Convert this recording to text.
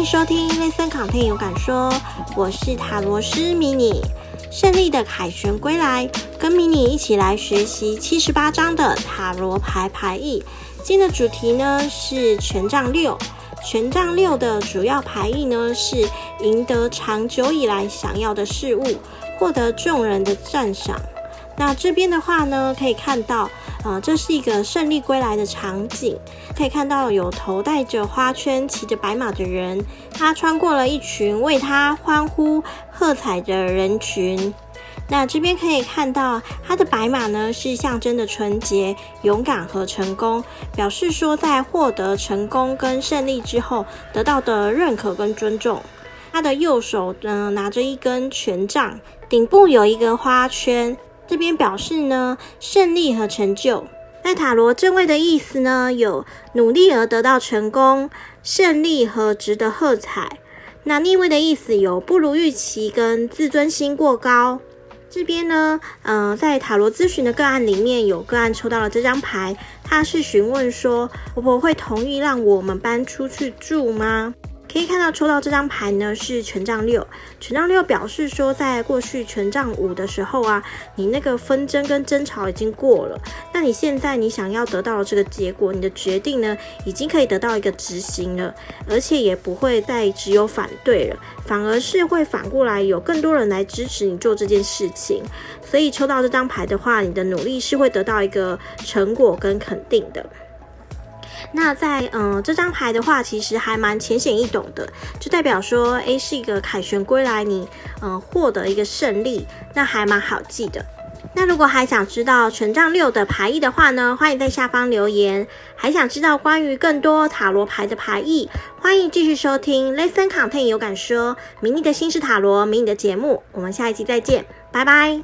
歡迎收聽《ListenContent 有感說》，我是塔羅師迷你，勝利的凱旋歸來，跟迷你一起來學習七十八張的塔羅牌牌意。今天的主題呢是權杖六，權杖六的主要牌意呢是贏得長久以來想要的事物，獲得眾人的讚賞。那這邊的話呢，可以看到。啊、呃，這是一個勝利歸來的場景，可以看到有頭戴着花圈、騎着白馬的人，他穿過了一群為他歡呼喝彩的人群。那這邊可以看到他的白馬呢，是象徵的純潔、勇敢和成功，表示說在獲得成功跟勝利之後得到的認可跟尊重。他的右手呢拿着一根權杖，頂部有一個花圈。這邊表示呢，勝利和成就。在塔羅正位的意思呢，有努力而得到成功、勝利和值得喝彩。那逆位的意思有不如預期跟自尊心過高。這邊呢，嗯、呃，在塔羅諮詢的個案裡面，有個案抽到了這張牌，他是詢問說：“婆婆會同意讓我們搬出去住嗎？”可以看到抽到這張牌呢，是權杖六，權杖六表示說，在過去權杖五的時候啊，你那個紛爭跟爭吵已經過了。那你現在你想要得到這個結果，你的決定呢，已經可以得到一個執行了，而且也不會再只有反對了，反而是會反過來有更多人來支持你做這件事情。所以抽到這張牌的話，你的努力是會得到一個成果跟肯定的。那在嗯、呃、這張牌的話，其實還蠻淺顯易懂的，就代表說，A 是一個凱旋歸來你，你、呃、嗯獲得一個勝利，那還蠻好記的。那如果還想知道權杖六的牌意的話呢，歡迎在下方留言。還想知道關於更多塔羅牌的牌意，歡迎繼續收聽 ListenContent 有感說迷你的心事塔羅迷你的節目，我們下一期再見，拜拜。